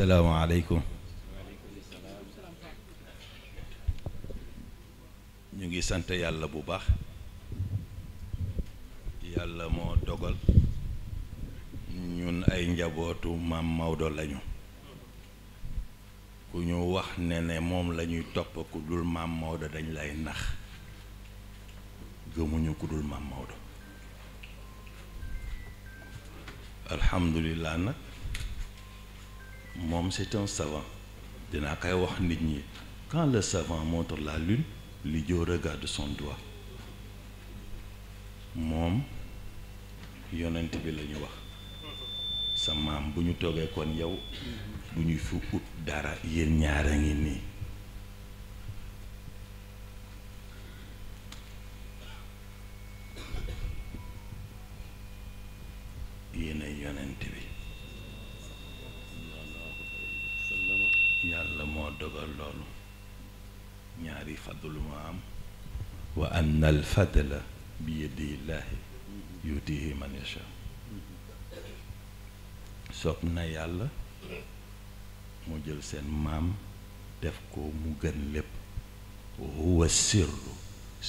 asalaamaaleykum ñu ngi sant yàlla bu baax yàlla moo dogal ñun ay njabootu maam Maodo lañu ku ñu wax ne ne moom lañuy topp ku maam Maodo dañ lay nax gëmuñu ku dul maam Maodo alhamdulilah nag moom c'est un savant dinaa kay wax nit ñi kan le savant montre la lune l'idiot regarde son wa moom yonent bi la ñu wax sa maam bu ñu toogee kon yow bu ñuy fi ut dara yéen ñaar a ngi nii ñaari fadlu ma am wa anna al fadla bi yadillaahi yutihi man yasha soob na yàlla mu jël seen maam def ko mu gën lépp huwa sirru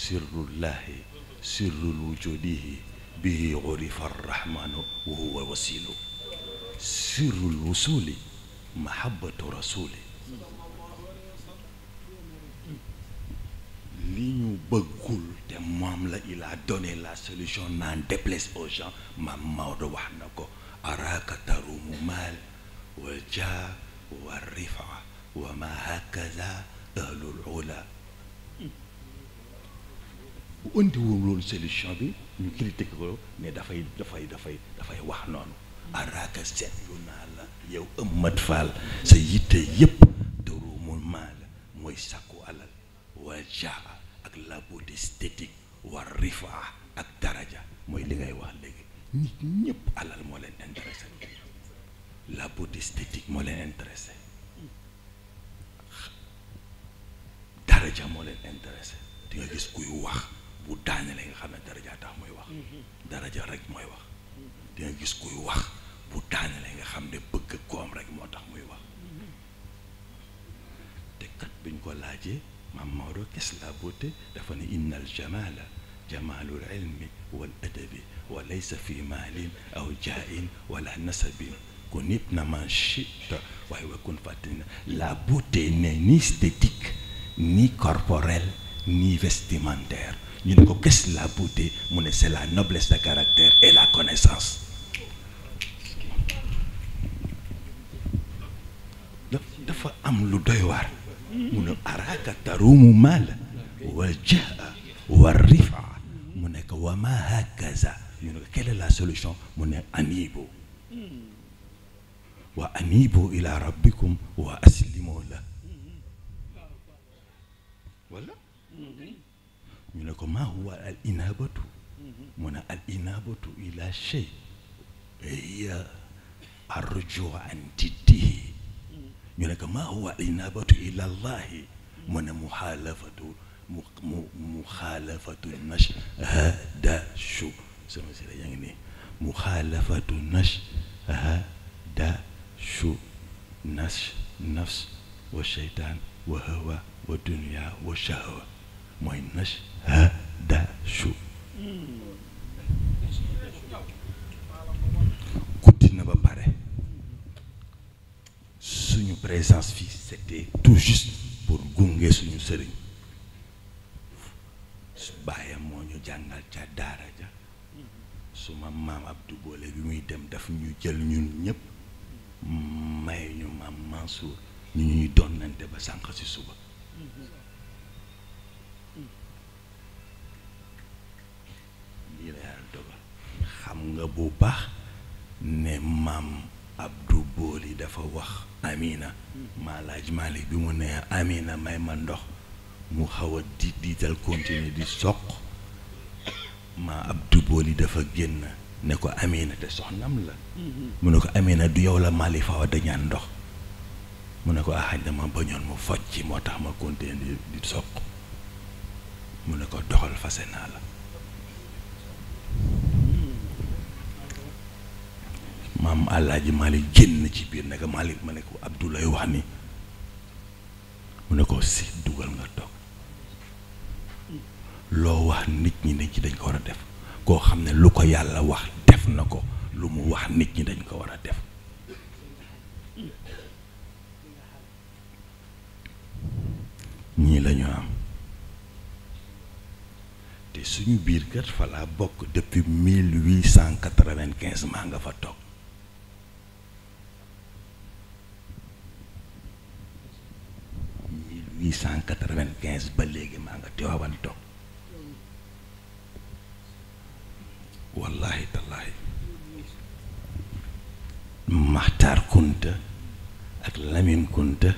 sirrullaahi sirrul wujudihi bihi urifa arrahmanu wa huwa wasilu sirrul wusuli mahabbatu rasuli li ñu bëggul te moom la il a donné la solution n'en déplaise aux gens maam Maodo wax na araka tarumu maal wa jaa wa rifa wa ma hakaza ahlul ula dafay wax noonu araka seetlu naa la yow Amath Fall sa tarumu maal mooy sàkku alal wal jaa ak la beauté esthétique rifaa ak daraja mooy li ngay wax léegi nit ñëpp alal moo leen intéressé la beauté esthétique moo leen intéressé daraja moo leen intéressé di nga gis kuy wax bu daanelee nga xam ne daraja tax muy wax daraja rek mooy wax di nga gis kuy wax bu daanelee nga xam ne bëgg koom rek moo tax muy wax te kat biñ ko laajee maam Maodo qu'est-ce la beauté dafa ne inna al jamala jamalul wal adabi wa laysa fi maalin aw jaain wala nasabin kun ibna man chita waaye wa kun fatina la beauté n'est ni esthétique ni corporelle ni vestimentaire ñu ne ko quest la beauté mu ne c'est la noblesse de caractère et la connaissance mu ne araaka taruumu maala wal jaa wal rifaa mu ne ko wa ma hakaza ñu ne ko quelle est la solution mu ne aniibu wa aniibu ila rabbikum wa aslimoo la wala ñu ne ko maa huwa al inaabatu mu ne al inaabatu ila shay hiya arrujuu an diddihi ñu ne ko maa huwa inabatu ila llahi mu ne muxaalafatu mu mu muxaalafatu nashhadashu sama si la yaa ngi nii muxaalafatu nashhadashu nas nafs wa sheytaan wa hawa wa dunia wa shahwa mooy nashhadashu hmm. suñu présence fii c'était tout juste pour gunge suñu sëriñ su baayam moo ñu jàngal ca daara ja suma maam Abdou Boole bi muy dem daf ñu jël ñun ñépp may ñu maam Mansour ñu ñuy donnante ba sànq ci suba xam nga bu baax ne maam Abdou Boli dafa wax Amina maa laaj Malick bi mu nee Amina may ma ndox mu xaw a di diital continuer di soq maa Abdou Boli dafa génn ne ko Amina te soxnam la mu ne ko Amina du yow la Malick fawa dañaan ndox mu ne ko axaj ah, dama bañoon mu focc moo tax ma continuer di soq mu ne ko doxal fase naa la maam Alaaji Maalik génn ci biir naka Maalik ma ne ko Abdoulaye wax ni mu ne ko si dugal nga toog loo wax nit ñi ne ci dañ ko war a def koo xam ne lu ko yàlla wax def na ko lu mu wax nit ñi dañ ko war a def ñii lañu am te suñu biir kat fa laa bokk depuis mille huit cent quatre-vingt-quinze maa nga fa toog 1895 ba léegi maa nga Tiwaawan toog wallaahi tallaahi Maxtaar Kunta ak Lamin Kunta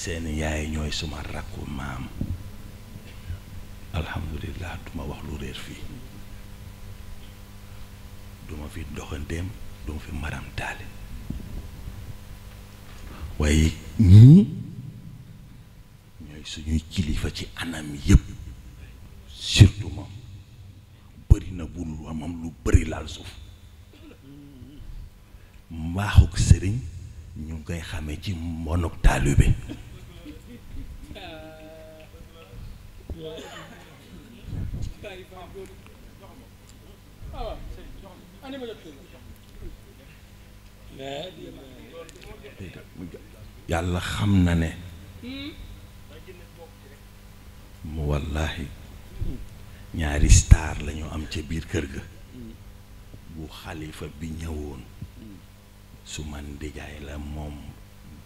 seen yaay ñooy suma rakku maam alhamdulilah duma wax lu réer fii duma fi doxanteem duma fi maram taale waaye ñii mooy suñuy kilifa ci anam yëpp surtout moom bëri bu lu amam lu bëri laal suuf mbaaxuk sëriñ ñu ngi koy xamee ci mbonuk bi yàlla xam na ne mu wallaahi ñaari star lañu am ca biir kër ga bu xalifa bi ñëwoon su man ndijaay la moom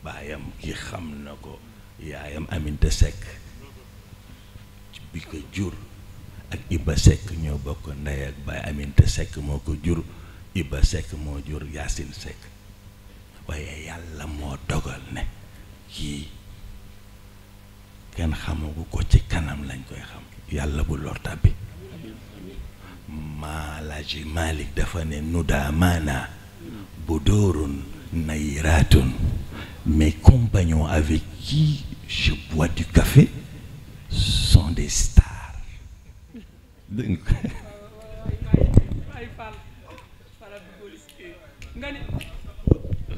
baayam ki xam na ko yaayam Aminta Seck bi ko jur ak Iba Seck ñoo bokk ndey ak baay Aminta Seck moo ko jur Iba Seck moo jur Yaasin Seck waaye yàlla moo dogal ne kii kenn xamagu ko ci kanam lañ koy xam yàlla bu lor tàbbi maalaji malik dafa ne nuda maana bu dóorun nayraatun mes compagnons avec qui je bois du café sont des stars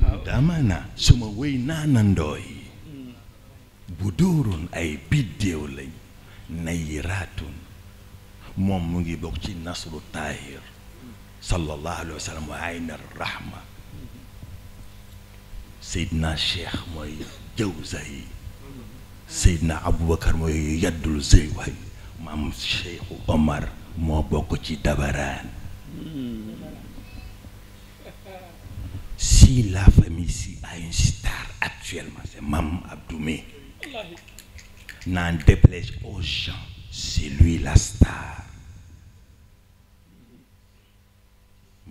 nuda maana suma wéy naanandooy buduurun ay biddéew lañ nayiraatun moom mu ngi bokk ci nasru taahir sallallahu wa sallam wa ayna rahma seydna cheikh mooy jawza yi seydna aboubacar mooy yaddul zeywaay maam cheikhu omar moo bokk ci dabaraan si la famille si a une star actuellement c'est maam Abdou Mé N'en déplaise aux gens, c'est lui la star.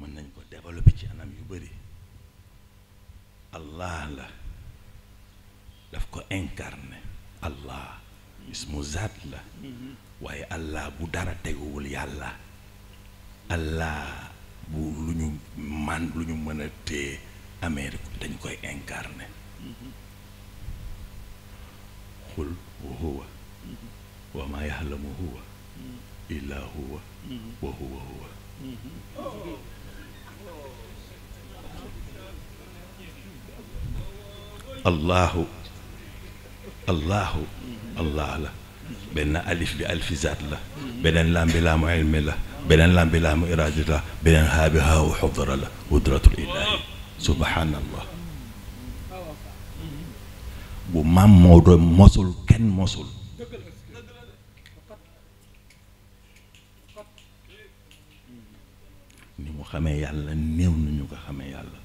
mën nañ ko développer ci anam yu bëri allah la daf ko incarné allah ismu zaat la waaye allah bu dara teguwul yàlla allah bu lu ñu man lu ñu mën a téye amérique dañ koy incarné qul huwa wa maa yaxlamu huwa illaa huwa wa huwa huwa allahu allahu allah la benn alif bi alfizaat la beneen laam bi laamu ilmi la beneen laam bi laamu iraadi la beneen haa bi haawu xudra la xudratul ilaahi subhaanallah bu maam Maodo mosul kenn mosul ni mu xamee yàlla néew ñu ko xamee yàlla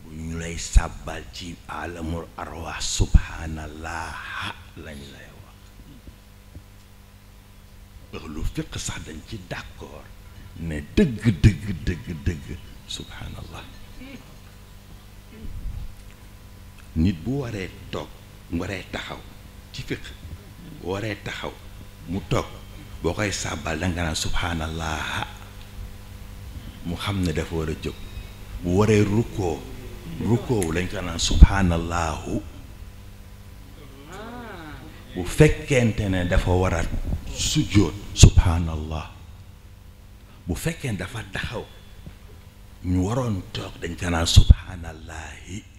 bu ñu lay sàbbal ci alamul arwaax subhanallah lañ lay wax wax lu fiq sax dañ ci d'accord ne dëgg dëgg dëgg dëgg subhanallah nit bu waree toog waree taxaw ci fiq waree taxaw mu toog boo koy sàbbal danga naan subhaanallah mu xam ne dafa war a jóg bu waree rukkoo rukkoowu lañ ko naan subhaanallahu bu fekkente ne dafa war a sujjóot subhaanallah bu fekkee dafa taxaw ñu waroon toog dañ ko naan subhaanallahi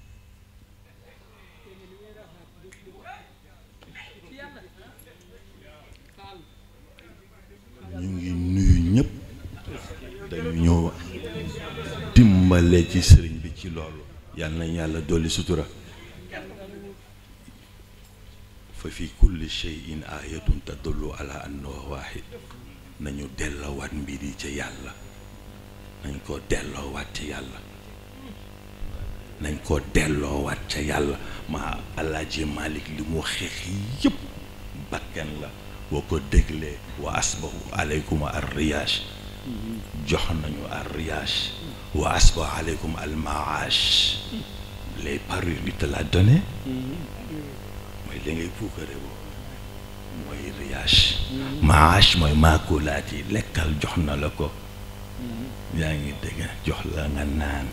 ñu ngi nuyu ñëpp dañu ñëw dimbale ci sëriñ bi ci loolu yal na yàlla dolli sutura fa fi kulli shay'in ayatun tadullu ala annahu wahid nañu delloowaat mbir yi ca yàlla nañ ko delloowaat ca yàlla nañ ko delloowaat ca yàlla ma alaaji Malik li mu xeex yëpp bakkan la boo ko déglee wa asbahu aleykum jox nañu al riyaaj wa asbahu aleykum al maaj les parures la donné mooy li ngay boo mooy riyaaj maaj mooy maakulaat yi lekkal jox na la ko yaa ngi dégg jox la nga naan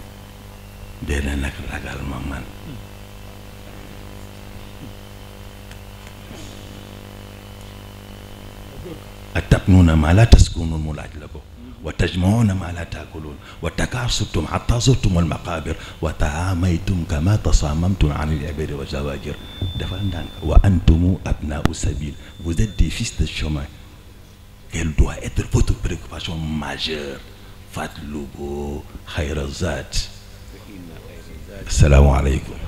dee na nag ragal atabnuuna maa laa taskunuun mu laaj la ko wa tajmauna maa laa taakuluun wa takaasubtum xata zurtum almaqabir wa taamaytum kama tasaamamtum an il ibiri wa zawajir defal ndànk wa antumu abnaau sabil vous êtes des fils de chemin elle doit être votre préoccupation majeure fatlubu xayra zaat asalaamaaleykum